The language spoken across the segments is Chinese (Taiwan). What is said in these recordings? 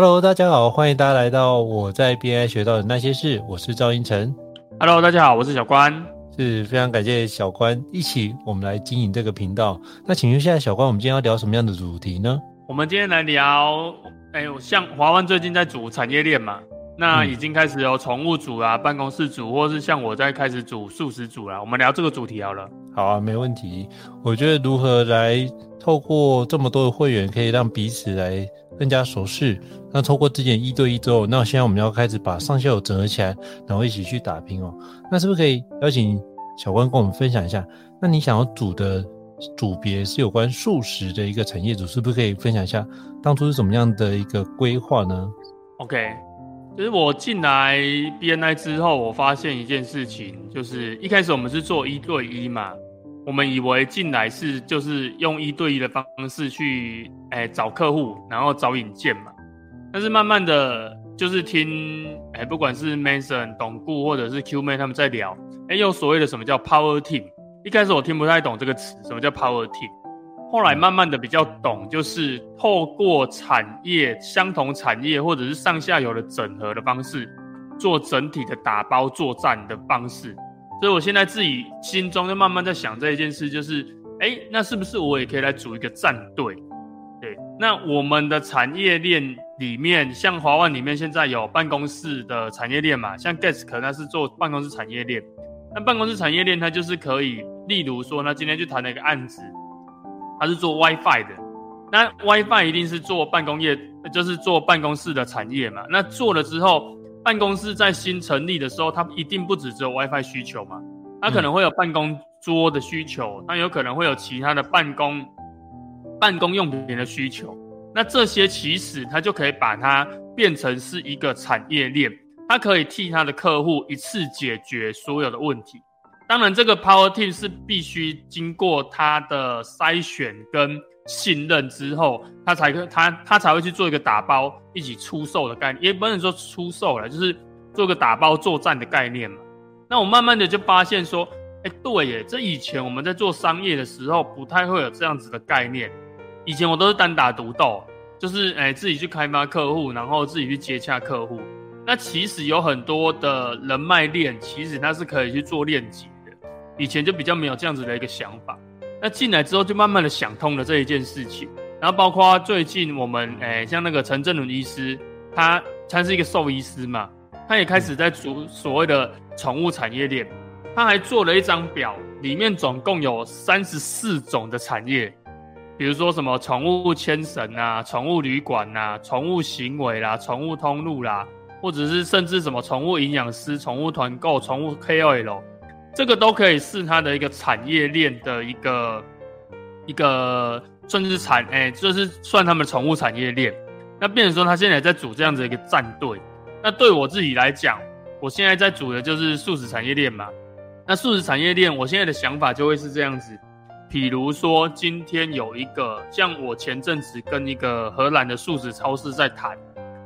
Hello，大家好，歡迎大家來到我在 BNI 學到的那些事，我是趙胤丞。Hello，大家好，我是小關，是非常感謝小關一起我們來經營這個頻道。那請問一下，小關，我們今天要聊什麼樣的主題呢？我們今天來聊，哎、欸，像華灣最近在組產業鏈嘛，那已經開始有寵物組啊、辦公室組，或是像我在開始組素食組啊。我們聊這個主題好了。好啊，沒問題。我覺得如何來透過這麼多的會員，可以讓彼此來。更加熟悉。那透過之前一對一之後，那現在我們要開始把上下游整合起來，然後一起去打拼哦。那是不是可以邀請小關跟我們分享一下？那你想要組的組別是有關素食的一個產業組，是不是可以分享一下當初是怎麼樣的一個規劃呢？OK，其實我進來 BNI 之後，我發現一件事情，就是一開始我們是做一對一嘛。我們以為，進來是就是用一對一的方式去哎、欸、找客戶，然後找引薦嘛。但是慢慢的，就是聽哎、欸、不管是 Manson、董顧或者是 Q 妹他們在聊，哎、欸，用所謂的什麼叫 Power Team。一開始我聽不太懂這個詞，什麼叫 Power Team。後來慢慢的比較懂，就是透過產業相同產業或者是上下游的整合的方式，做整體的打包作戰的方式。所以我現在自己心中就慢慢在想這一件事，就是，哎、欸，那是不是我也可以來組一個戰隊？對，那我們的產業鏈裡面，像華萬裡面現在有辦公室的產業鏈嘛？像 Gask 那是做辦公室產業鏈，那辦公室產業鏈它就是可以，例如說，那今天就談了一個案子，它是做 WiFi 的，那 WiFi 一定是做辦公業，就是做辦公室的產業嘛？那做了之後。辦公室在新成立的時候，它一定不只只有 WiFi 需求嘛？它可能會有辦公桌的需求，嗯、它有可能會有其他的辦公辦公用品的需求。那這些其實它就可以把它變成是一個產業鏈，它可以替它的客戶一次解決所有的問題。當然，這個 Power Team 是必須經過它的篩選跟。信任之後，他才會他他才會去做一個打包一起出售的概念，也不能說出售了，就是做個打包作戰的概念嘛。那我慢慢的就發現說，哎、欸，對耶，這以前我們在做商業的時候，不太會有這樣子的概念。以前我都是單打獨鬥，就是哎、欸、自己去開發客戶，然後自己去接洽客戶。那其實有很多的人脈鏈，其實它是可以去做鏈接的。以前就比較沒有這樣子的一個想法。那進來之後就慢慢的想通了這一件事情，然後包括最近我們誒、欸、像那個陳振倫醫師，他他是一個獸醫師嘛，他也開始在做所謂的寵物產業鏈，他還做了一張表，裡面總共有三十四種的產業，比如說什麼寵物牽繩啊、寵物旅館啊、寵物行為啦、啊、寵物通路啦、啊，或者是甚至什麼寵物營養師、寵物團購、寵物 KOL。這個都可以是它的一個產業鏈的一個，一個甚至是產，哎、欸，就是算他們的寵物產業鏈。那變成說他現在在組這樣子一個戰隊，那對我自己來講，我現在在組的就是素食產業鏈嘛。那素食產業鏈，我現在的想法就會是這樣子，比如說，今天有一個像我前陣子跟一個荷蘭的素食超市在談，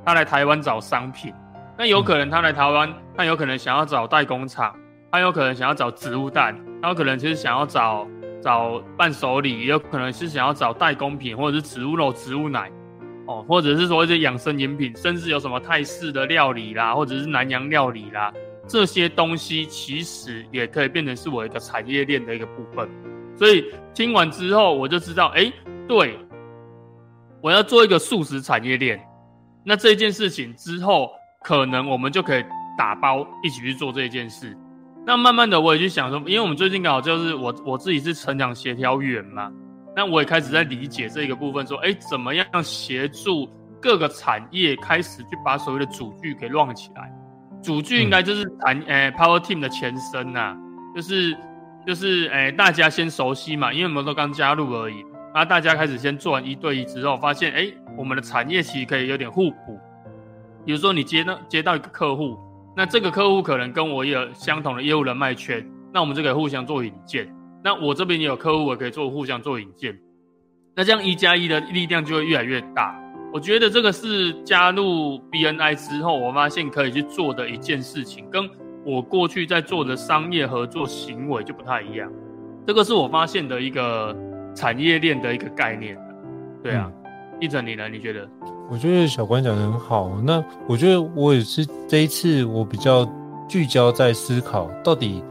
他來台灣找商品，那有可能他來台灣，他有可能想要找代工廠。他有可能想要找植物蛋，他有可能其實想要找找伴手禮，也有可能是想要找代工品，或者是植物肉、植物奶，哦，或者是說一些養生飲品，甚至有什麼泰式的料理啦，或者是南洋料理啦，這些東西其實也可以變成是我一個產業鏈的一個部分。所以聽完之後，我就知道，誒、欸，對，我要做一個素食產業鏈。那這件事情之後，可能我們就可以打包一起去做這一件事。那慢慢的我也去想說，因為我們最近剛好就是我我自己是成長協調員嘛，那我也開始在理解這個部分說，說、欸、哎，怎麼樣協助各個產業開始去把所謂的主句給 run 起來，主句應該就是產誒、嗯欸、Power Team 的前身吶、啊，就是就是誒、欸、大家先熟悉嘛，因為我們都剛加入而已，那、啊、大家開始先做完一對一之後，發現哎、欸、我們的產業其實可以有點互補，比如說你接到接到一個客戶。那這個客戶可能跟我有相同的業務人脈圈，那我們就可以互相做引薦。那我這邊也有客戶，我可以做互相做引薦。那這樣一加一的力量就會越來越大。我覺得這個是加入 BNI 之後，我發現可以去做的一件事情，跟我過去在做的商業合作行為就不太一樣。這個是我發現的一個產業鏈的一個概念。對啊，嗯、胤丞呢，你覺得？我覺得小關講的很好。那我覺得我也是這一次，我比較聚焦在思考到底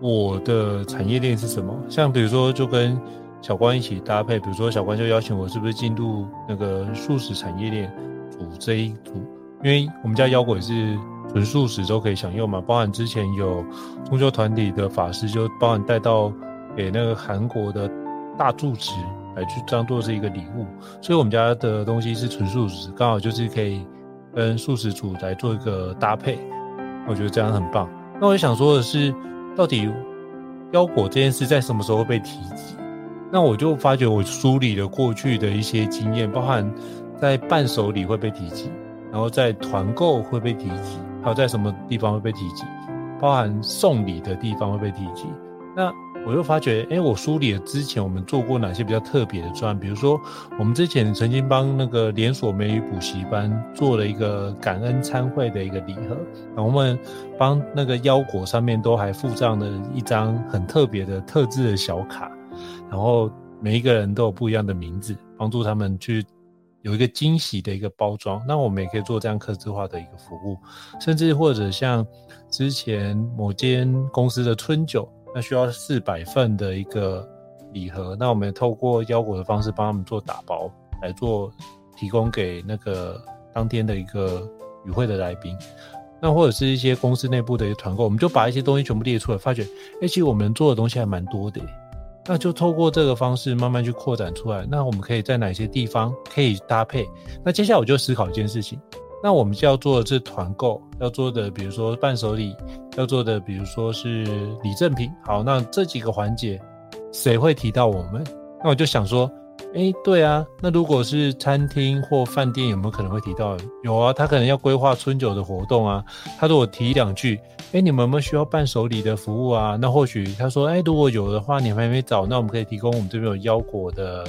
我的產業鏈是什麼。像比如說，就跟小關一起搭配，比如說小關就邀請我是不是進入那個素食產業鏈組這一組，因為我們家腰果也是純素食都可以享用嘛。包含之前有宗教團體的法師，就包含帶到給那個韓國的大住持。來去當做是一個禮物，所以我們家的東西是純素食，剛好就是可以跟素食主來做一個搭配，我覺得這樣很棒。那我想說的是，到底腰果這件事在什麼時候會被提及？那我就發覺我梳理了過去的一些經驗，包含在伴手禮會被提及，然後在團購會被提及，還有在什麼地方會被提及，包含送禮的地方會被提及。那我又發覺，哎，我梳理了之前我們做過哪些比較特別的專案，比如說，我們之前曾經幫那個連鎖美語補習班做了一個感恩餐會的一個禮盒，然後我們幫那個腰果上面都還附上了一張很特別的特制的小卡，然後每一個人都有不一樣的名字，幫助他們去有一個驚喜的一個包裝。那我們也可以做這樣客制化的一個服務，甚至或者像之前某間公司的春酒。那需要四百份的一個禮盒，那我們透過腰果的方式幫他們做打包來做提供給那個當天的一個與會的來賓，那或者是一些公司內部的一些團購，我們就把一些東西全部列出來，發覺誒、欸,其實我們做的東西還蠻多的、欸，那就透過這個方式慢慢去擴展出來，那我們可以在哪些地方可以搭配？那接下來我就思考一件事情。那我們就要做的是團購，要做的，比如說伴手禮，要做的，比如說是禮贈品。好，那這幾個環節，誰會提到我們？那我就想說，哎，對啊，那如果是餐廳或飯店，有沒有可能會提到？有啊，他可能要規劃春酒的活動啊，他對我提兩句，哎，你們有沒有需要伴手禮的服務啊？那或許他說，哎，如果有的話，你們還沒找，那我們可以提供我們這邊有腰果的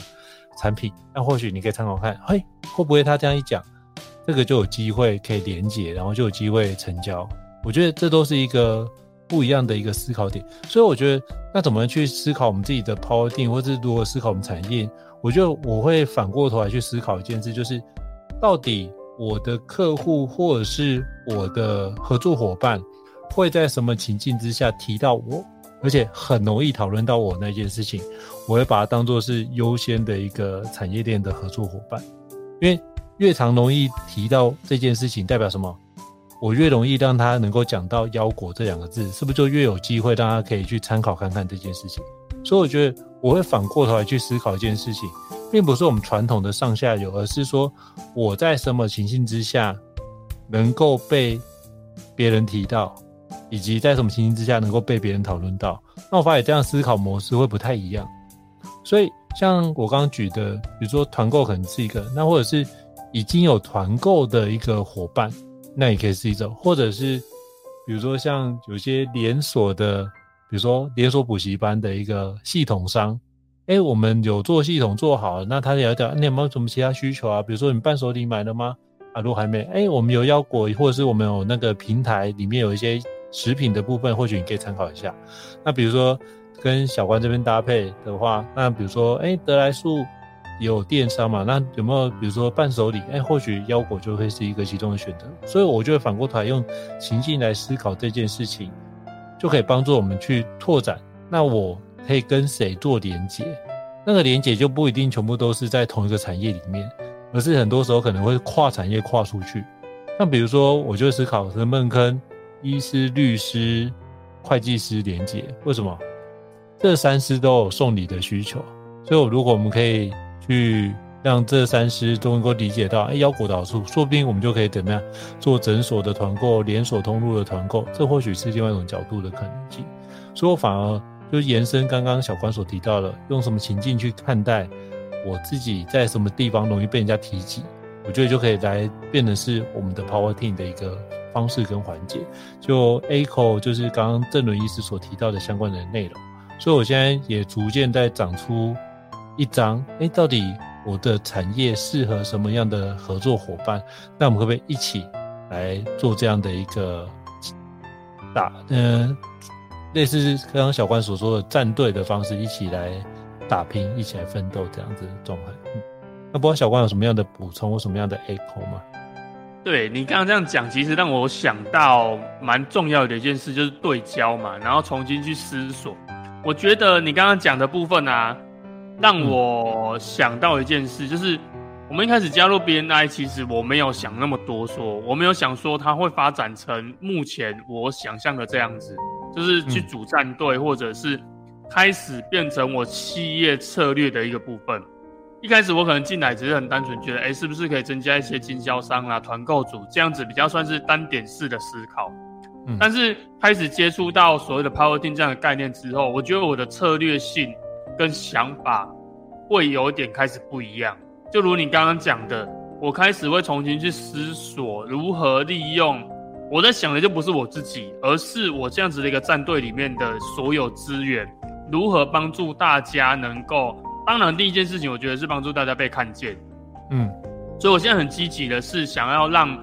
產品。那或許你可以參考看，嘿，會不會他這樣一講？這個就有機會可以連接，然後就有機會成交。我覺得這都是一個不一樣的一個思考點。所以我覺得，那怎麼去思考我們自己的 power team 或是如何思考我們產業鏈？我覺得我會反過頭來去思考一件事，就是到底我的客戶或者是我的合作伙伴會在什麼情境之下提到我，而且很容易討論到我那件事情，我會把它當做是優先的一個產業鏈的合作伙伴，因為。越常容易提到這件事情，代表什麼？我越容易讓他能夠講到“腰果”這兩個字，是不是就越有機會讓他可以去參考看看這件事情？所以我覺得我會反過頭來去思考一件事情，並不是我們傳統的上下游，而是說我在什麼情形之下能夠被別人提到，以及在什麼情形之下能夠被別人討論到。那我發現這樣思考模式會不太一樣。所以像我剛剛舉的，比如說團購可能是一個，那或者是。已經有團購的一個夥伴，那你可以自己走，或者是比如說像有些連鎖的，比如說連鎖補習班的一個系統商，哎，我們有做系統做好，那他聊一聊，你有沒有什麼其他需求啊？比如說你伴手禮買了嗎？啊，如果還沒，哎，我們有腰果，或者是我們有那個平台裡面有一些食品的部分，或許你可以參考一下。那比如說跟小關這邊搭配的話，那比如說哎，得來素。也有電商嘛，那有沒有比如說伴手禮？哎，或許腰果就會是一個其中的選擇。所以我就會反過頭來用情境來思考這件事情，就可以幫助我們去拓展。那我可以跟誰做連結？那個連結就不一定全部都是在同一個產業裡面，而是很多時候可能會跨產業跨出去。像比如說，我就會思考是夢坑、醫師、律師、會計師連結，為什麼？這三師都有送禮的需求，所以我如果我們可以。去讓這三師都能夠理解到，哎、欸，腰果導出說不定我們就可以怎麼樣做診所的團購、連鎖通路的團購，這或許是另外一種角度的可能性。所以，我反而就延伸剛剛小關所提到的，用什麼情境去看待我自己在什麼地方容易被人家提及，我覺得就可以來變的是我們的 Power Team 的一個方式跟環節。就 A 口就是剛剛鄭倫醫師所提到的相關的內容，所以我現在也逐漸在長出。一張，哎、欸，到底我的產業適合什麼樣的合作夥伴？那我們可不可以一起來做這樣的一個打？嗯、呃，類似剛剛小關所說的戰隊的方式，一起來打拼，一起來奮鬥，這樣子的狀態。那不知道小關有什麼樣的補充或什麼樣的 echo 嗎？對，你剛剛這樣講，其實讓我想到蠻重要的一件事，就是對焦嘛，然後重新去思索。我覺得你剛剛講的部分啊。讓我想到一件事，就是我們一開始加入 BNI，其實我沒有想那麼多，說我沒有想說它會發展成目前我想象的這樣子，就是去組戰隊，或者是開始變成我企業策略的一個部分。一開始我可能進來只是很單純覺得，哎，是不是可以增加一些經銷商啦、團購組這樣子，比較算是單點式的思考。但是開始接觸到所謂的 Power Team 這樣的概念之後，我覺得我的策略性，跟想法會有點開始不一樣，就如你剛剛講的，我開始會重新去思索如何利用。我在想的就不是我自己，而是我這樣子的一個戰隊裡面的所有資源，如何幫助大家能夠。當然，第一件事情我覺得是幫助大家被看見。嗯，所以我現在很積極的是想要讓，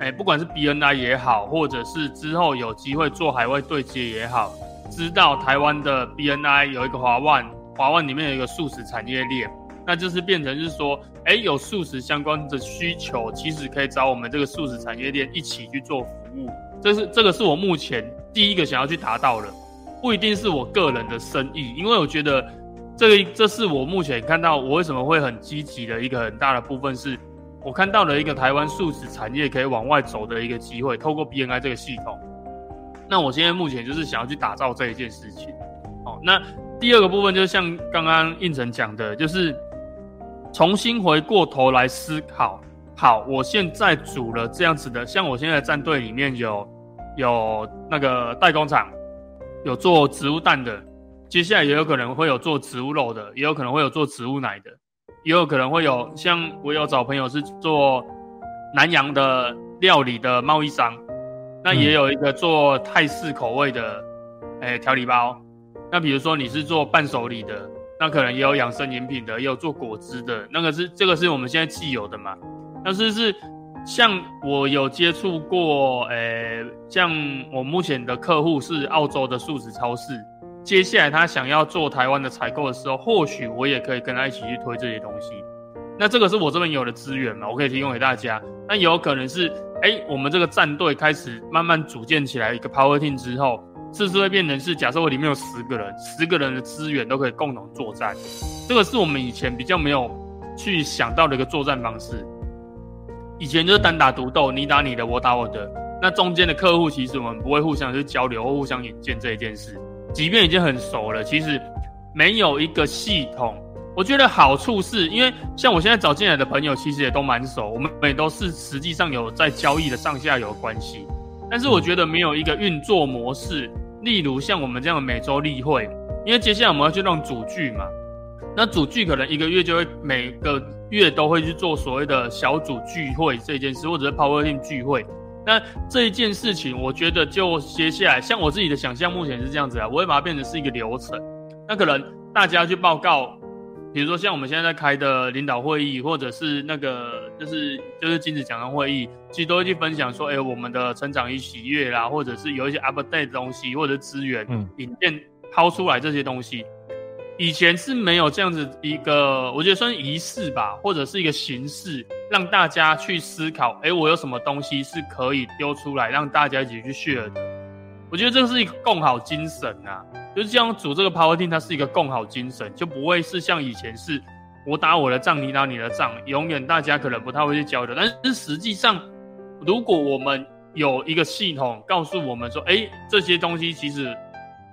哎，不管是 BNI 也好，或者是之後有機會做海外對接也好，知道台灣的 BNI 有一個華萬。華萬裡面有一個素食產業鏈，那就是變成是說，誒、欸，有素食相關的需求，其實可以找我們這個素食產業鏈一起去做服務。這是這個是我目前第一個想要去達到的，不一定是我個人的生意，因為我覺得這個這是我目前看到我為什麼會很積極的一個很大的部分是，是我看到了一個台灣素食產業可以往外走的一個機會，透過 BNI 這個系統。那我現在目前就是想要去打造這一件事情，好，哦，那。第二個部分就像剛剛胤丞講的，就是重新回過頭來思考。好，我現在組了這樣子的，像我現在戰隊裡面有有那個代工廠，有做植物蛋的，接下來也有可能會有做植物肉的，也有可能會有做植物奶的，也有可能會有像我有找朋友是做南洋的料理的貿易商，那也有一個做泰式口味的，哎、嗯，欸，調理包那比如說你是做伴手禮的，那可能也有養生飲品的，也有做果汁的，那個是這個是我們現在既有的嘛。但是是像我有接觸過，誒、欸，像我目前的客戶是澳洲的素食超市，接下來他想要做台灣的採購的時候，或許我也可以跟他一起去推這些東西。那這個是我這邊有的資源嘛，我可以提供給大家。那有可能是，哎、欸，我們這個戰隊開始慢慢組建起來一個 power team 之後。知是會變成是，假設我裡面有十個人，十個人的資源都可以共同作戰，這個是我們以前比較沒有去想到的一個作戰方式。以前就是單打獨鬥，你打你的，我打我的，那中間的客戶其實我們不會互相去交流或互相引薦這一件事。即便已經很熟了，其實沒有一個系統。我覺得好處是因為像我現在找進來的朋友，其實也都蠻熟，我們也都是實際上有在交易的上下游關係。但是我覺得沒有一個運作模式，例如像我們這樣的每周例會，因為接下來我們要去弄組聚嘛。那組聚可能一個月就會每個月都會去做所謂的小組聚會這件事，或者是 Power Team 聚會。那這一件事情，我覺得就接下來像我自己的想象，目前是這樣子啊，我會把它變成是一個流程。那可能大家去報告，比如說像我們現在在開的領導會議，或者是那個。就是就是金子講的會議，其實都會去分享說，哎、欸，我們的成長與喜悅啦，或者是有一些 update 的東西，或者資源，引薦拋出來這些東西，嗯，以前是沒有這樣子一個，我覺得算是儀式吧，或者是一個形式，讓大家去思考，哎、欸，我有什麼東西是可以丟出來讓大家一起去 share 的。我覺得這是一個共好精神啊，就是這樣組這個 power team，它是一個共好精神，就不會是像以前是。我打我的仗，你打你的仗，永遠大家可能不太會去交流。但是實際上，如果我們有一個系統告訴我們說，欸，這些東西其實，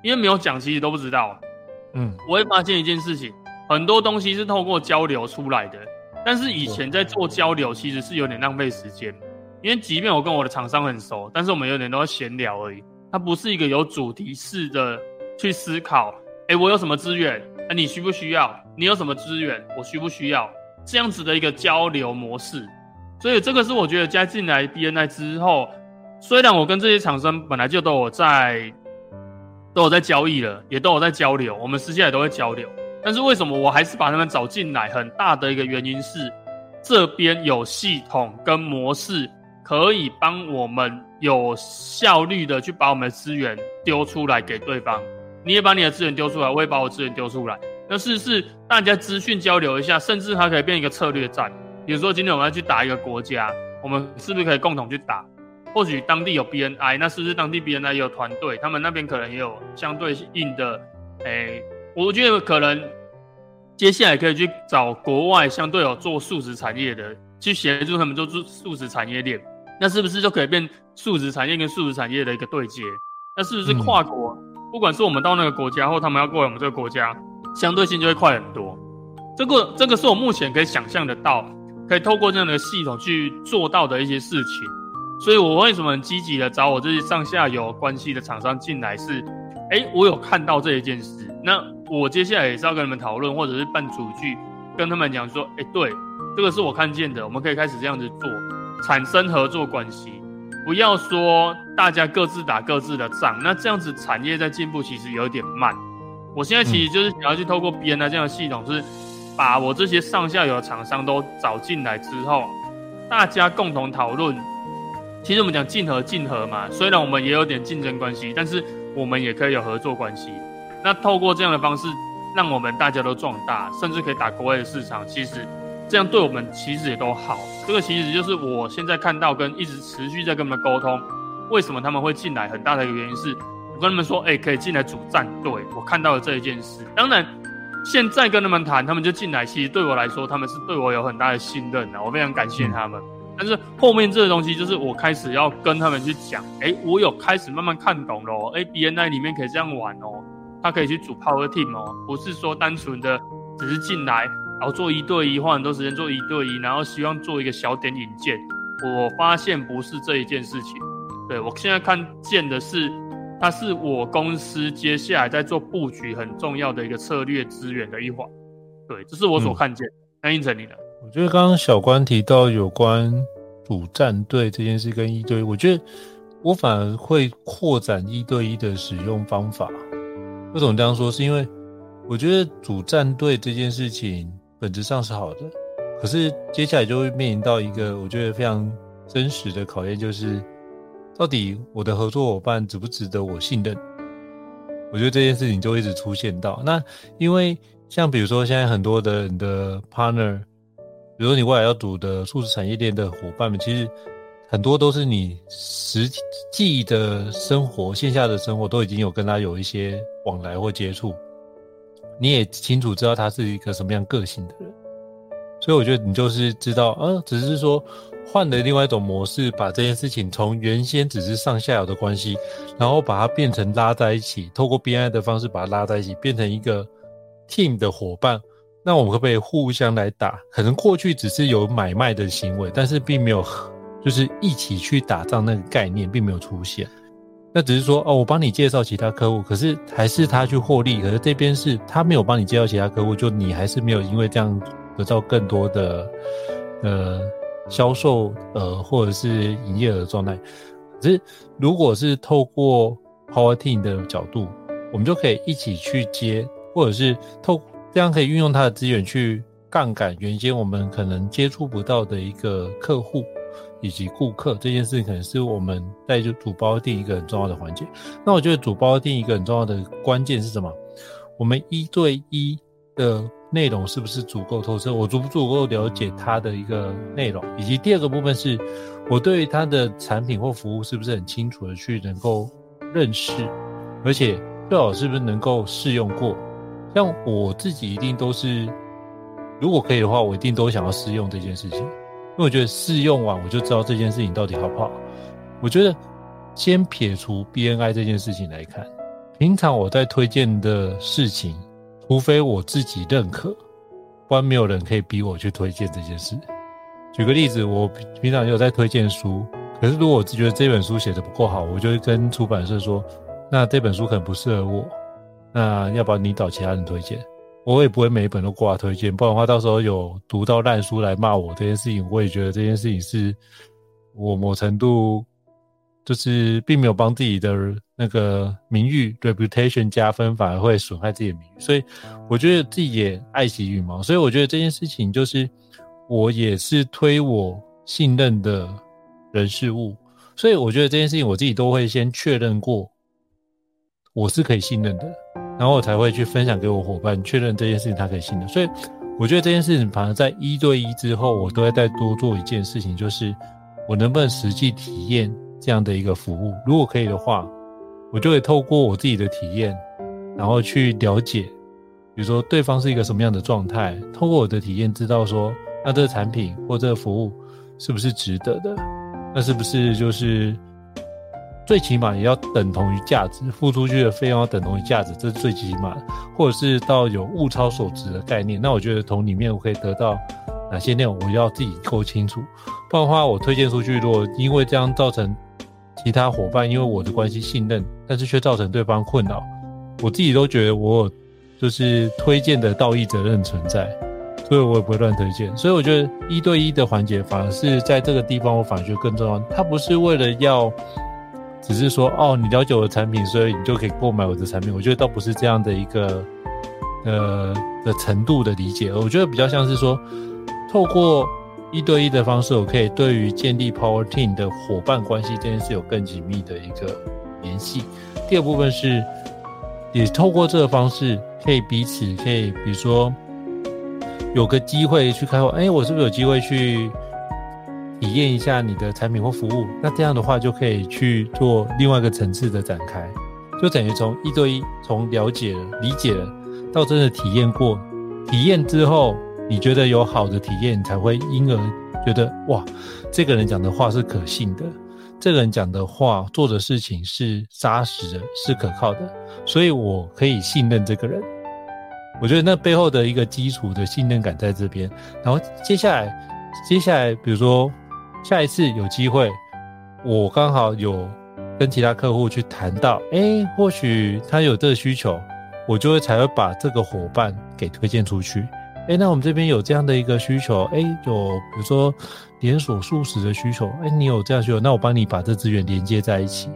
因為沒有講，其實都不知道。嗯，我會發現一件事情，很多東西是透過交流出來的。但是以前在做交流，其實是有點浪費時間，因為即便我跟我的廠商很熟，但是我們有點都要閒聊而已，它不是一個有主題式的去思考。欸，我有什麼資源？欸，你需不需要？你有什麼資源？我需不需要這樣子的一個交流模式？所以這個是我覺得加進來 BNI 之後，雖然我跟這些廠商本來就都有在都有在交易了，也都有在交流，我們私下也都會交流。但是為什麼我還是把他們找進來？很大的一個原因是，這邊有系統跟模式可以幫我們有效率的去把我們的資源丟出來給對方。你也把你的資源丟出來，我也把我資源丟出來。那是不是大家資訊交流一下？甚至還可以變一個策略戰。比如說，今天我們要去打一個國家，我們是不是可以共同去打？或許當地有 B N I，那是不是當地 B N I 也有團隊？他們那邊可能也有相對應的。誒、欸、我覺得可能接下來可以去找國外相對有做素食產業的，去協助他們做素素食產業鏈。那是不是就可以變素食產業跟素食產業的一個對接？那是不是跨國、嗯？不管是我們到那個國家，或他們要過來我們這個國家？相對性就會快很多，這個這個是我目前可以想象得到，可以透過這樣的系統去做到的一些事情。所以，我為什麼很積極的找我這些上下游關係的廠商進來？是，誒、欸，我有看到這一件事。那我接下來也是要跟你們討論，或者是辦組聚跟他們講說，誒、欸，對，這個是我看見的，我們可以開始這樣子做，產生合作關係。不要說大家各自打各自的仗，那這樣子產業在進步其實有點慢。我現在其實就是想要去透過 BNI 這樣的系統，是把我這些上下游的廠商都找進來之後，大家共同討論。其實我們講競合，競合嘛，雖然我們也有點競爭關係，但是我們也可以有合作關係。那透過這樣的方式，讓我們大家都壯大，甚至可以打國外的市場。其實這樣對我們其實也都好。這個其實就是我現在看到跟一直持續在跟他們溝通，為什麼他們會進來，很大的一個原因是。我跟他們說：“哎、欸，可以進來組戰隊。”我看到了這一件事。當然，現在跟他們談，他們就進來。其實對我來說，他們是對我有很大的信任的、啊，我非常感謝他們。嗯、但是後面這個東西，就是我開始要跟他們去講：“哎、欸，我有開始慢慢看懂了、喔。哎，BNI 裡面可以這樣玩哦、喔，他可以去組 Power Team 哦、喔，不是說單純的只是進來，然後做一對一，花很多時間做一對一，然後希望做一個小點引薦。我發現不是這一件事情。對，我現在看見的是。”它是我公司接下來在做布局很重要的一個策略資源的一環，對，這是我所看見的。那、嗯、應成胤丞你呢？我覺得剛剛小關提到有關主戰隊這件事跟一對一，我覺得我反而會擴展一對一的使用方法。為什麼這樣說？是因為我覺得主戰隊這件事情本質上是好的，可是接下來就會面臨到一個我覺得非常真實的考驗，就是。到底我的合作夥伴值不值得我信任？我覺得這件事情就一直出現到那，因為像比如說現在很多的你的 partner，比如說你未來要組的數字產業鏈的夥伴們，其實很多都是你實際的生活、線下的生活都已經有跟他有一些往來或接觸，你也清楚知道他是一個什麼樣個性的人，所以我覺得你就是知道啊、呃，只是說。換了另外一種模式，把這件事情從原先只是上下游的關係，然後把它變成拉在一起，透過 BNI 的方式把它拉在一起，變成一個 team 的夥伴。那我們可不可以互相來打？可能過去只是有買賣的行為，但是並沒有就是一起去打仗，那個概念並沒有出現。那只是說哦，我幫你介紹其他客戶，可是還是他去獲利，可是這邊是他沒有幫你介紹其他客戶，就你還是沒有因為這樣得到更多的呃。銷售額，或者是營業額的狀態，可是如果是透過 Power Team 的角度，我們就可以一起去接，或者是透這樣可以運用他的資源去槓桿原先我們可能接觸不到的一個客戶以及顧客這件事情，可能是我們在就組 Power Team 一個很重要的環節。那我覺得組 Power Team 一個很重要的關鍵是什麼？我們一對一的。內容是不是足夠透徹？我足不足夠了解它的一個內容？以及第二個部分是，我對它的產品或服務是不是很清楚的去能夠認識？而且最好是不是能夠試用過？像我自己一定都是，如果可以的話，我一定都想要試用這件事情，因為我覺得試用完我就知道這件事情到底好不好。我覺得先撇除 BNI 這件事情來看，平常我在推薦的事情。除非我自己認可，不然沒有人可以逼我去推薦這件事。舉個例子，我平常有在推薦書，可是如果我覺得這本書寫得不夠好，我就會跟出版社說，那這本書可能不適合我，那要不要你找其他人推薦？我也不會每一本都掛推薦，不然的話，到時候有讀到爛書來罵我這件事情，我也覺得這件事情是我某程度。就是並沒有幫自己的那個名譽 reputation 加分，反而會損害自己的名譽，所以我覺得自己也愛惜羽毛。所以我覺得這件事情就是我也是推我信任的人事物，所以我覺得這件事情我自己都會先確認過我是可以信任的，然後我才會去分享給我夥伴，確認這件事情他可以信任。所以我覺得這件事情反而在一對一之後，我都會再多做一件事情，就是我能不能實際體驗。這樣的一個服務，如果可以的話，我就會透過我自己的體驗，然後去了解，比如說對方是一個什麼樣的狀態，透過我的體驗知道說，那這個產品或這個服務是不是值得的？那是不是就是最起碼也要等同於價值，付出去的費用要等同於價值，這是最起碼的，或者是到有物超所值的概念。那我覺得從裡面我可以得到哪些內容，我要自己夠清楚，不然的話我推薦出去，如果因為這樣造成其他夥伴因為我的關係信任，但是卻造成對方困擾，我自己都覺得我有就是推薦的道義責任存在，所以我也不會亂推薦。所以我覺得一對一的環節反而是在這個地方，我反而覺得更重要。它不是為了要，只是說哦，你了解我的產品，所以你就可以購買我的產品。我覺得倒不是這樣的一個呃的程度的理解。我覺得比較像是說，透過。一對一的方式，我可以對於建立 Power Team 的夥伴關係，這件事有更緊密的一個聯繫。第二部分是，也透過這個方式，可以彼此可以，比如說有個機會去開會，哎，我是不是有機會去體驗一下你的產品或服務？那這樣的話，就可以去做另外一個層次的展開，就等於從一對一從了解了理解了到真的體驗過，體驗之後。你覺得有好的體驗，才會因而覺得哇，這個人講的話是可信的，這個人講的話、做的事情是扎實的、是可靠的，所以我可以信任這個人。我覺得那背後的一個基礎的信任感在這邊。然後接下來，接下來，比如說下一次有機會，我剛好有跟其他客戶去談到，誒、欸，或許他有這個需求，我就會才會把這個夥伴給推薦出去。哎、欸，那我們這邊有這樣的一個需求，哎、欸，就比如說連鎖素食的需求，哎、欸，你有這樣需求，那我幫你把這資源連接在一起。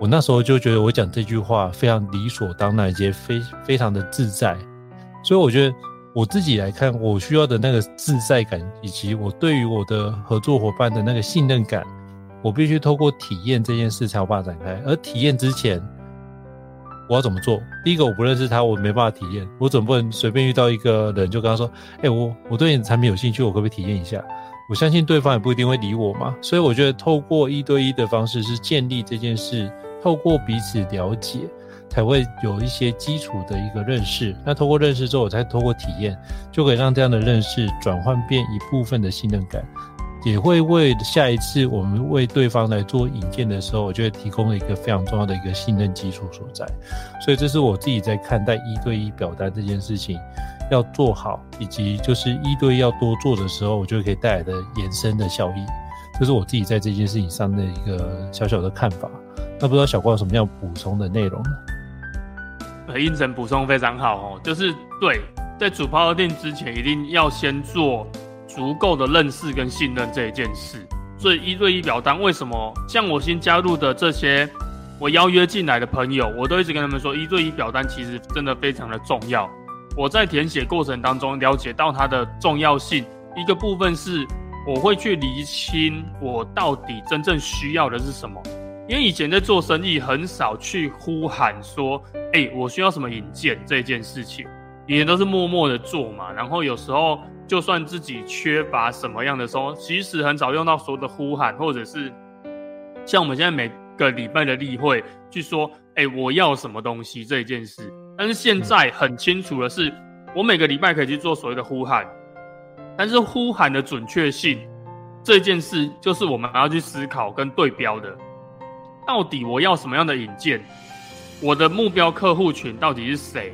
我那時候就覺得我講這句話非常理所當然，也非非常的自在。所以我覺得我自己來看，我需要的那個自在感，以及我對於我的合作夥伴的那個信任感，我必須透過體驗這件事才有辦法展開。而體驗之前，我要怎麼做？第一個，我不認識他，我沒辦法體驗。我總不能隨便遇到一個人就跟他說：“哎、欸，我我對你的產品有興趣，我可不可以體驗一下？”我相信對方也不一定會理我嘛。所以我覺得，透過一對一的方式是建立這件事，透過彼此了解，才會有一些基礎的一個認識。那透過認識之後，我才透過體驗，就可以讓這樣的認識轉換變一部分的信任感。也會為下一次我們為對方來做引薦的時候，我覺得提供了一個非常重要的一個信任基礎所在。所以，這是我自己在看待一對一表單這件事情要做好，以及就是一對一要多做的時候，我覺得可以帶來的延伸的效益，這、就是我自己在這件事情上的一個小小的看法。那不知道小關有什麼要補充的內容呢？呃，胤丞補充非常好哦，就是對，在主拋店之前一定要先做。足夠的認識跟信任這一件事，所以一對一表單為什麼像我新加入的這些我邀約進來的朋友，我都一直跟他們說，一對一表單其實真的非常的重要。我在填寫過程當中了解到它的重要性，一個部分是我會去釐清我到底真正需要的是什麼，因為以前在做生意很少去呼喊說，欸，我需要什麼引薦這件事情，以前都是默默的做嘛，然後有時候。就算自己缺乏什麼樣的時候，其實很少用到所謂的呼喊，或者是像我們現在每個禮拜的例會，去說“哎、欸，我要什麼東西”這一件事。但是現在很清楚的是，我每個禮拜可以去做所謂的呼喊，但是呼喊的準確性這件事，就是我們還要去思考跟對標的，到底我要什麼樣的引薦，我的目標客戶群到底是誰？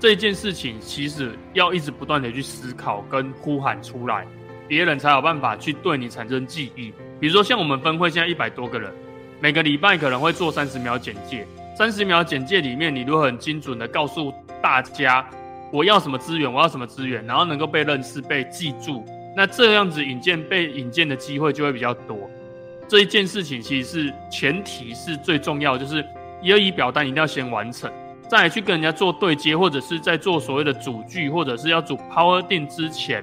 這一件事情其實要一直不斷的去思考跟呼喊出來，別人才有辦法去對你產生記憶。比如說像我們分會現在一百多個人，每個禮拜可能會做三十秒簡介，三十秒簡介裡面，你如果很精準的告訴大家我要什麼資源，我要什麼資源，然後能夠被認識、被記住，那這樣子引薦被引薦的機會就會比較多。這一件事情其實是前提是最重要的，就是一二一表單一定要先完成。再去跟人家做對接，或者是在做所謂的組聚，或者是要組 Power 定之前，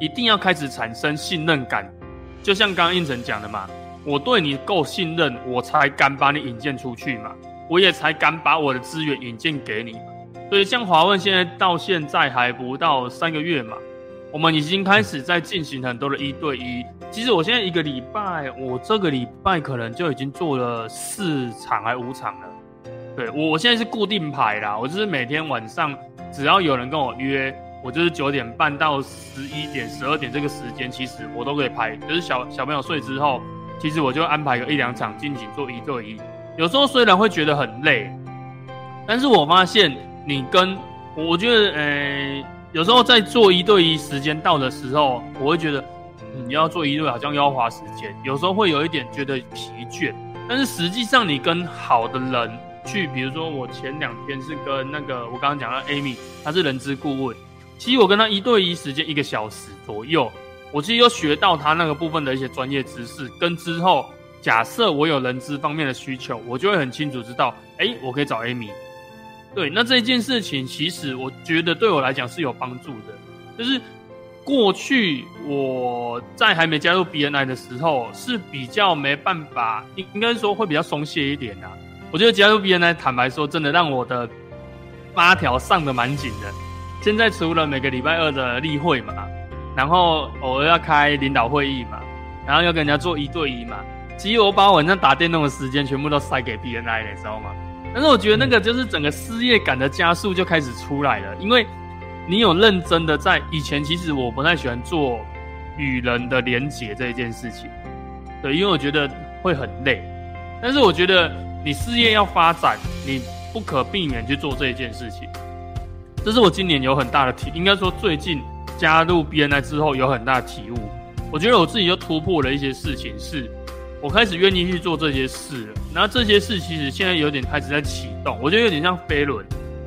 一定要開始產生信任感。就像剛剛應成講的嘛，我對你夠信任，我才敢把你引薦出去嘛，我也才敢把我的資源引薦給你嘛。所以像華問現在到現在還不到三個月嘛，我們已經開始在進行很多的一對一。其實我現在一個禮拜，我這個禮拜可能就已經做了四場還五場了。對我現在是固定排啦，我就是每天晚上只要有人跟我約，我就是九點半到十一點、十二點這個時間，其實我都可以排。可、就是小小朋友睡之後，其實我就安排個一兩場，進行做一對一。有時候雖然會覺得很累，但是我發現你跟我覺得，誒、欸，有時候在做一對一時間到的時候，我會覺得、嗯、你要做一對好像要花時間，有時候會有一點覺得疲倦，但是實際上你跟好的人。去，比如說我前兩天是跟那個我剛剛講到 Amy，她是人資顧問。其實我跟他一對一時間一個小時左右，我其實又學到他那個部分的一些專業知識，跟之後假設我有人資方面的需求，我就會很清楚知道，哎，我可以找 Amy。對，那這件事情其實我覺得對我來講是有幫助的。就是過去我在還沒加入 BNI 的時候是比較沒辦法，應該說會比較鬆懈一點的啊。我覺得加入 B N I，坦白說，真的讓我的發條上得蠻緊的。現在除了每個禮拜二的例會嘛，然後偶爾要開領導會議嘛，然後要跟人家做一對一嘛，其實我把晚上打電動的時間全部都塞給 B N I 了，你知道嗎？但是我覺得那個就是整個事業感的加速就開始出來了，因為你有認真的在以前，其實我不太喜歡做與人的連結這一件事情，對，因為我覺得會很累，但是我覺得。你事業要發展，你不可避免去做這一件事情。這是我今年有很大的體，應該說最近加入 BNI 之後有很大的體悟。我覺得我自己就突破了一些事情，是我開始願意去做這些事了。那這些事其實現在有點開始在啟動，我覺得有點像飛輪，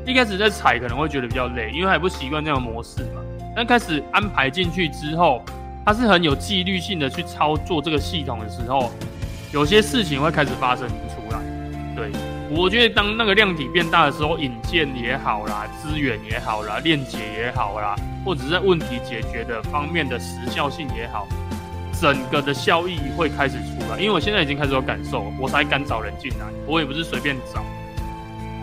一開始在踩可能會覺得比較累，因為還不習慣這樣的模式嘛。但開始安排進去之後，它是很有紀律性的去操作這個系統的時候，有些事情會開始發生出來。對，我覺得當那個量體變大的時候，引薦也好啦，資源也好啦，鏈接也好啦，或者是在問題解決的方面的時效性也好，整個的效益會開始出來。因為我現在已經開始有感受，我才敢找人進來，我也不是隨便找。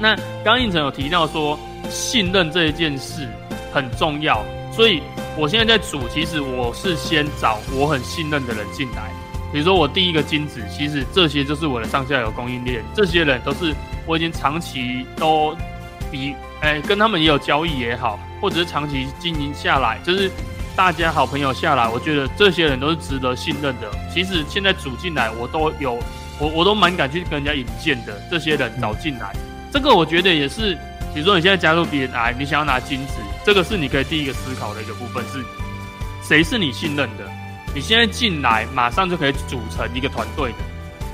那剛，剛胤丞有提到說，信任這一件事很重要，所以我現在在組，其實我是先找我很信任的人進來。比如說，我第一個金子，其實這些就是我的上下游供應鏈，這些人都是我已經長期都比哎、欸、跟他們也有交易也好，或者是長期經營下來，就是大家好朋友下來，我覺得這些人都是值得信任的。其實現在組進來我我，我都有我我都蠻敢去跟人家引薦的，這些人找進來，這個我覺得也是，比如說你現在加入 BNI，你想要拿金子，這個是你可以第一個思考的一個部分，是誰是你信任的。你現在進來，馬上就可以組成一個團隊的，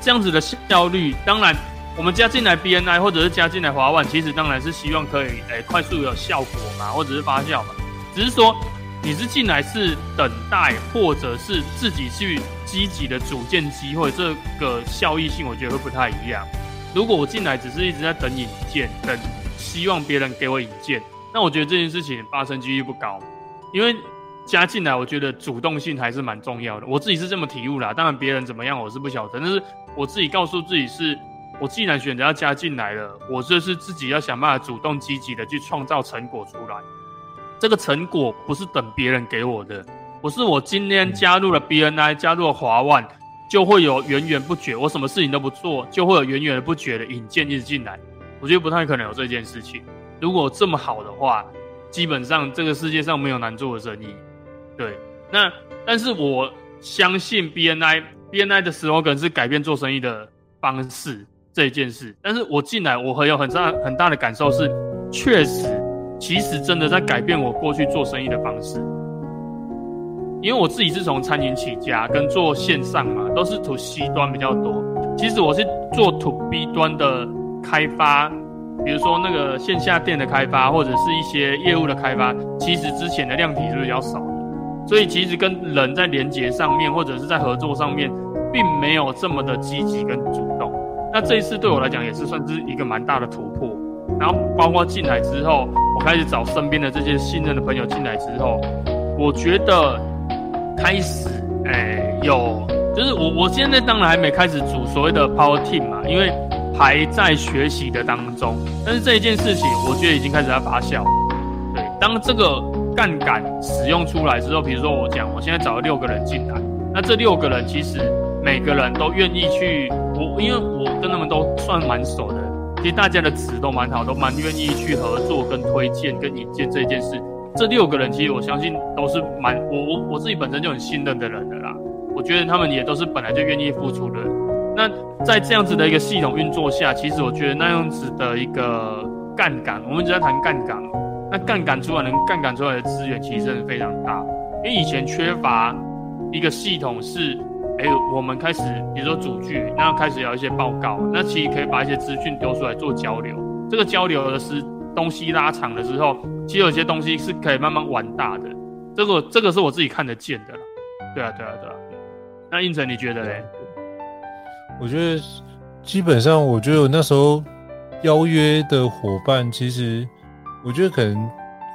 這樣子的效率，當然，我們加進來 BNI 或者是加進來華萬，其實當然是希望可以、欸，誒快速有效果嘛，或者是發酵嘛。只是說，你是進來是等待，或者是自己去積極的組建機會，這個效益性我覺得會不太一樣。如果我進來只是一直在等引薦，等希望別人給我引薦，那我覺得這件事情發生幾率不高，因為。加進來，我覺得主動性還是蠻重要的。我自己是這麼體悟啦。當然別人怎麼樣，我是不曉得。但是我自己告訴自己是，我既然選擇要加進來了，我就是自己要想辦法主動積極的去創造成果出來。這個成果不是等別人給我的，我是我今天加入了 BNI，加入了華萬，就會有源源不絕。我什麼事情都不做，就會有源源不絕的引薦一直進來。我覺得不太可能有這件事情。如果這麼好的話，基本上這個世界上沒有難做的生意。對，那但是我相信 BNI BNI 的 slogan 是改變做生意的方式這一件事。但是我進來，我很有很大很大的感受是，確實，其實真的在改變我過去做生意的方式。因為我自己是從餐飲起家，跟做線上嘛，都是 to C 端比較多。其實我是做 to B 端的開發，比如說那個線下店的開發，或者是一些業務的開發。其實之前的量體是比較少。所以其實跟人在連接上面，或者是在合作上面，並沒有這麼的積極跟主動。那這一次對我來講也是算是一個蠻大的突破。然後包括進來之後，我開始找身邊的這些信任的朋友進來之後，我覺得開始誒、欸、有，就是我我現在當然還沒開始組所謂的 Power Team 嘛，因為還在學習的當中。但是這一件事情，我覺得已經開始在發酵。對，當這個。槓桿使用出來之後，比如說我講，我現在找了六個人進來，那這六個人其實每個人都願意去，我因為我跟他們都算蠻熟的，其實大家的詞都蠻好，都蠻願意去合作跟推薦跟引薦這件事。這六個人其實我相信都是蠻我我我自己本身就很信任的人的啦，我覺得他們也都是本來就願意付出的。那在這樣子的一個系統運作下，其實我覺得那樣子的一個槓桿，我們一直在談槓桿。那槓桿出來能槓桿出來的資源其實是非常大，因為以前缺乏一個系統是，哎，我們開始比如說組劇，然後開始有一些報告，那其實可以把一些資訊丟出來做交流。這個交流的是東西拉長了之後，其實有些東西是可以慢慢玩大的。這個這個是我自己看得見的。對啊，對啊，對啊。那胤丞你覺得嘞？我覺得基本上，我覺得我那時候邀約的夥伴其實。我覺得可能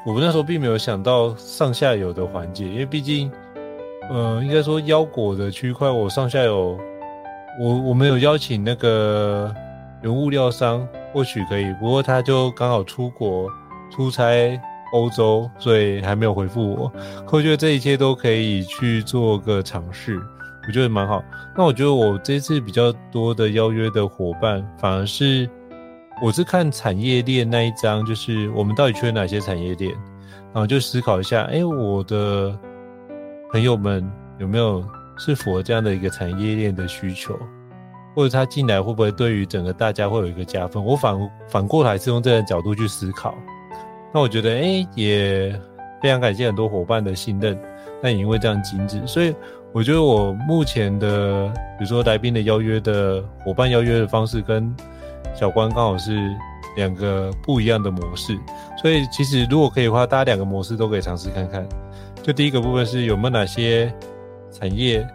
我們那時候並沒有想到上下游的環節，因為畢竟，呃，應該說腰果的區塊，我上下游，我我們有邀請那個原物料商，或許可以，不過他就剛好出國出差歐洲，所以還沒有回復我。可我覺得這一切都可以去做個嘗試，我覺得蠻好。那我覺得我這次比較多的邀約的夥伴，反而是。我是看產業鏈那一章，就是我們到底缺哪些產業鏈，然後就思考一下，誒、欸，我的朋友們有沒有是符合這樣的一個產業鏈的需求，或者他進來會不會對於整個大家會有一個加分？我反反過來是用這樣的角度去思考。那我覺得，誒、欸，也非常感謝很多夥伴的信任，但也因為這樣精緻，所以我覺得我目前的，比如說，來賓的邀約的夥伴邀約的方式跟。小關剛好是兩個不一樣的模式，所以其實如果可以的話，大家兩個模式都可以嘗試看看。就第一個部分是有沒有哪些產業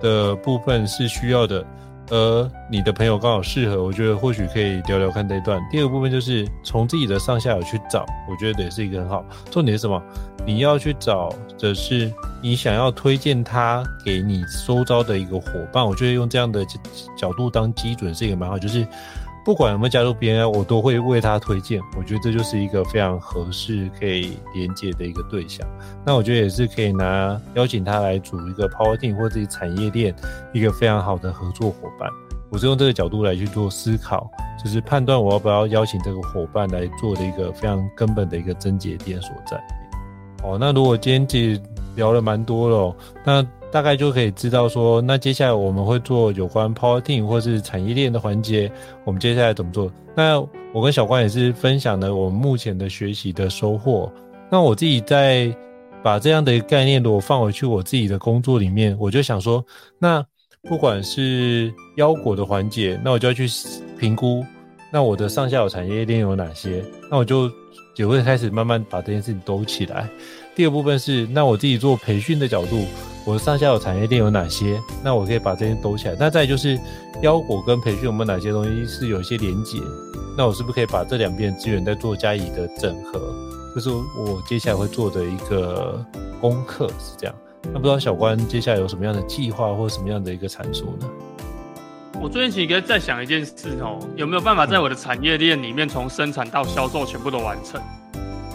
的部分是需要的，而你的朋友剛好適合，我覺得或許可以聊聊看這一段。第二個部分就是從自己的上下游去找，我覺得也是一個很好。重點是什麼？你要去找的是你想要推薦他給你收招的一個夥伴，我覺得用這樣的角度當基準是一個蠻好，就是。不管有沒有加入 B N I，我都會為他推薦。我覺得這就是一個非常合適可以連接的一個對象。那我覺得也是可以拿邀請他來組一個 Power Team 或自己產業鏈一個非常好的合作伙伴。我是用這個角度來去做思考，就是判斷我要不要邀請這個伙伴來做的一個非常根本的一個症結點所在。哦，那如果今天其實聊了蠻多了，哦，那。大概就可以知道說，那接下來我們會做有關 Powerteam 或是產業鏈的環節，我們接下來怎麼做？那我跟小關也是分享了我目前的學習的收穫。那我自己在把這樣的一個概念如果放回去我自己的工作裡面，我就想說，那不管是腰果的環節，那我就要去評估，那我的上下游產業鏈有哪些？那我就也會開始慢慢把這件事情兜起來。第二部分是，那我自己做培訓的角度。我上下游產業鏈有哪些？那我可以把這些兜起來。那再就是，腰果跟培訓，我們哪些東西是有一些連接？那我是不是可以把這兩邊資源再做加以的整合？這、就是我接下來會做的一個功課，是這樣。那不知道小關接下來有什麼樣的計劃，或者什麼樣的一個闡述呢？我最近其實在想一件事哦、喔，有沒有辦法在我的產業鏈裡面，從生產到銷售全部都完成？嗯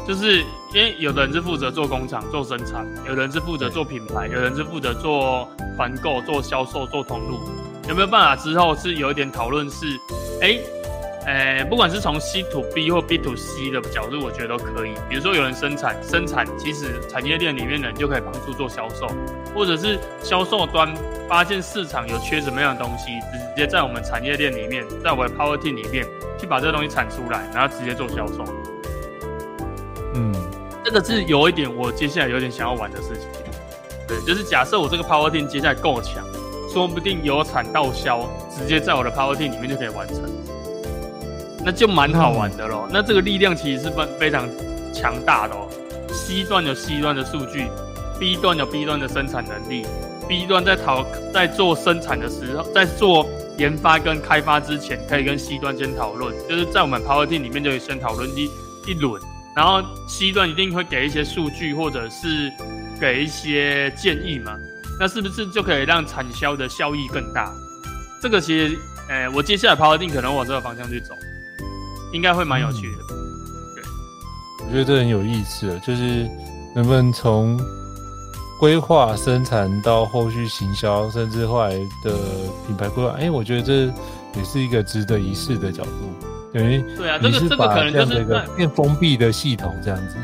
就是因為有的人是負責做工廠做生產，有的人是負責做品牌，有人是負責做團購、做銷售、做通路，有沒有辦法之後是有一點討論是，哎、欸欸，不管是從 C to B 或 B to C 的角度，我覺得都可以。比如說有人生產，生產其實產業鏈裡面的人就可以幫助做銷售，或者是銷售端發現市場有缺什麼樣的東西，直接在我們產業鏈裡面，在我的 Power Team 裡面去把這個東西產出來，然後直接做銷售。嗯，這個是有一點，我接下來有點想要玩的事情。對，就是假設我這個 Power Team 接下來夠強，說不定由產到銷直接在我的 Power Team 裡面就可以完成，那就蠻好玩的咯，那這個力量其實是非非常強大的哦。C 端有 C 端的數據，B 端有 B 端的生產能力。B 端在討在做生產的時候，在做研發跟開發之前，可以跟 C 端先討論，就是在我們 Power Team 裡面就可以先討論一一輪。然後 C 端一定會給一些數據，或者是給一些建議嘛？那是不是就可以讓產銷的效益更大？這個其實，哎，我接下來跑的定可能往這個方向去走，應該會蠻有趣的。嗯、對，我覺得這很有意思啊，就是能不能從規劃生產到後續行銷，甚至後來的品牌規劃？哎，我覺得這也是一個值得一試的角度。等對，對啊，這個這個可能就是、這個、變封閉的系統這樣子。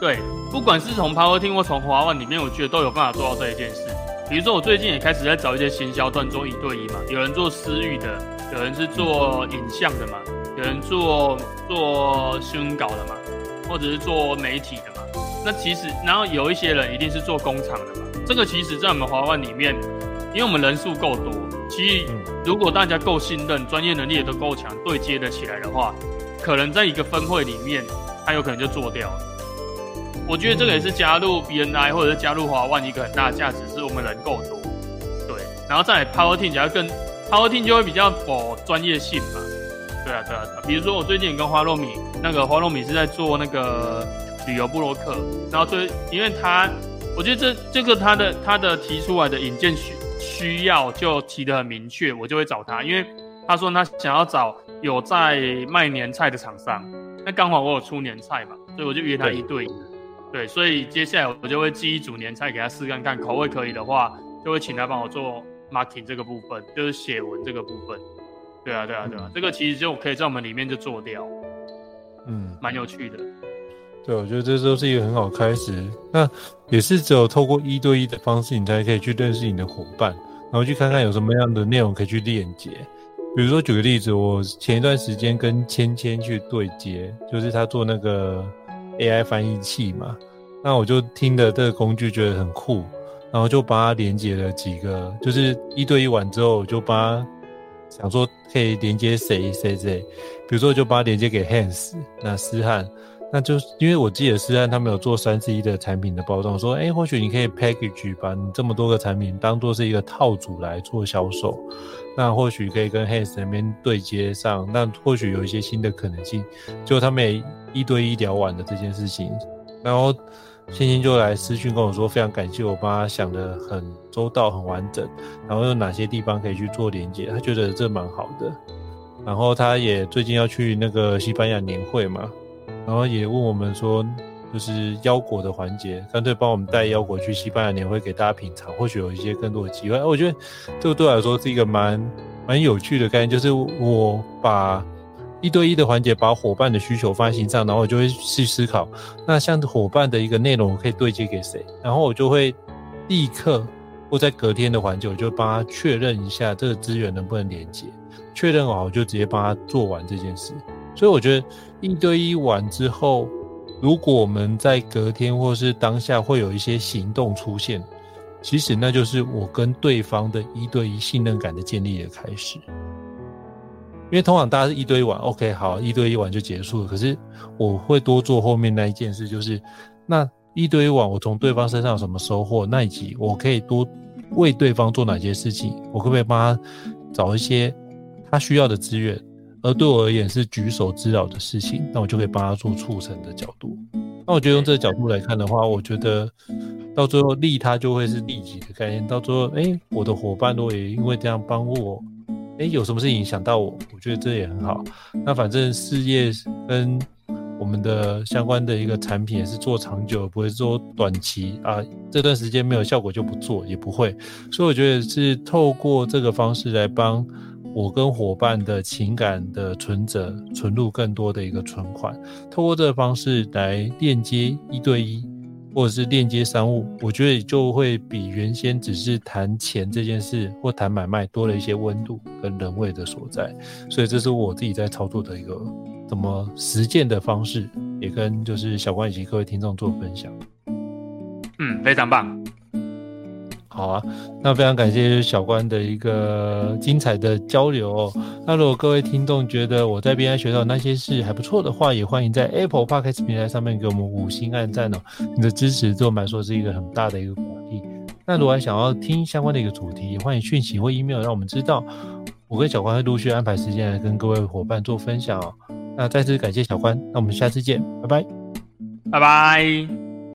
對，不管是從 Power Team 或從華萬裡面，我覺得都有辦法做到這一件事。比如說，我最近也開始在找一些行銷段做一對一嘛，有人做私域的，有人是做影像的嘛，有人做做新聞稿的嘛，或者是做媒體的嘛。那其實，然後有一些人一定是做工廠的嘛。這個其實在我們華萬裡面，因為我們人數夠多，其實。嗯如果大家夠信任，專業能力也都夠強，對接得起來的話，可能在一個分會裡面，他有可能就做掉了。我覺得這個也是加入 BNI 或者是加入華萬一個很大的價值，是我們人夠多，對。然後再來 Power Team 比後更 Power Team 就會比較有專業性嘛，對啊對啊。比如說我最近跟花糯米，那個花糯米是在做那個旅遊部落客，然後最因為他，我覺得這這個他的他的提出來的引薦曲。需要就提得很明確，我就會找他，因為他說他想要找有在賣年菜的廠商，那剛好我有出年菜嘛，所以我就約他一對，對，對，所以接下來我就會寄一組年菜給他試看看，口味可以的話，就會請他幫我做 marketing 這個部分，就是寫文這個部分。對啊，對啊、對啊，對、嗯、啊，這個其實就可以在我們裡面就做掉，嗯，蠻有趣的。對，我覺得這都是一個很好開始。那也是只有透過一對一的方式，你才可以去認識你的夥伴，然後去看看有什麼樣的內容可以去鏈接。比如說，舉個例子，我前一段時間跟芊芊去對接，就是他做那個 AI 翻譯器嘛。那我就聽了這個工具，覺得很酷，然後就把它連接了幾個。就是一對一完之後，我就把它想說可以連接誰誰誰，比如說我就把它連接給漢斯，那思漢。那就是因為我記得，雖然他們有做31的產品的包裝，說，哎、欸，或許你可以 package 把你這麼多個產品當做是一個套組來做銷售，那或許可以跟 h a s 那邊對接上，那或許有一些新的可能性，就他們也一對一聊完了這件事情。然後，星星就來私訊跟我說，非常感謝我幫他想得很周到、很完整，然後有哪些地方可以去做連結，他覺得這蠻好的。然後他也最近要去那個西班牙年會嘛。然後也問我們說，就是腰果的環節，乾脆幫我們帶腰果去西班牙年會給大家品嘗，或許有一些更多的機會。我覺得這對我來說是一個蠻蠻有趣的概念，就是我把一對一的環節，把伙伴的需求放在心上，然後我就會去思考，那像伙伴的一個內容，可以對接給誰？然後我就會立刻，或在隔天的環節，我就幫他確認一下這個資源能不能連接，確認好我就直接幫他做完這件事。所以我覺得一對一完之後，如果我們在隔天或是當下會有一些行動出現，其實那就是我跟對方的一對一信任感的建立的開始。因為通常大家是一對一完，OK，好，一對一完就結束了。可是我會多做後面那一件事，就是那一對一完，我從對方身上有什麼收穫？那一集我可以多為對方做哪些事情？我可不可以幫他找一些他需要的資源？而對我而言是舉手之勞的事情，那我就可以幫他做促成的角度。那我覺得用這個角度來看的話，我覺得到最後利他就會是利己的概念。到最後，誒、欸，我的夥伴如果也因為這樣幫我，誒、欸，有什麼事影響到我，我覺得這也很好。那反正事業跟我們的相關的一個產品也是做長久，不會說短期啊。這段時間沒有效果就不做，也不會。所以我覺得是透過這個方式來幫。我跟伙伴的情感的存折存入更多的一個存款，透過這個方式來鏈接一對一，或者是鏈接商務，我覺得也就會比原先只是談錢這件事或談買賣多了一些溫度跟人味的所在。所以這是我自己在操作的一個怎麼實踐的方式，也跟就是小關以及各位聽眾做分享。嗯，非常棒。好啊，那非常感謝小關的一個精彩的交流哦。那如果各位聽眾覺得我在 BNI 學到那些事還不錯的話，也歡迎在 Apple Podcast 平台上面給我們五星按讚哦。你的支持對我們來說是一個很大的一個鼓勵。那如果還想要聽相關的一個主題，也歡迎訊息或 email 讓我們知道，我跟小關會陸續安排時間來跟各位伙伴做分享哦。那再次感謝小關，那我們下次見，拜拜，拜拜。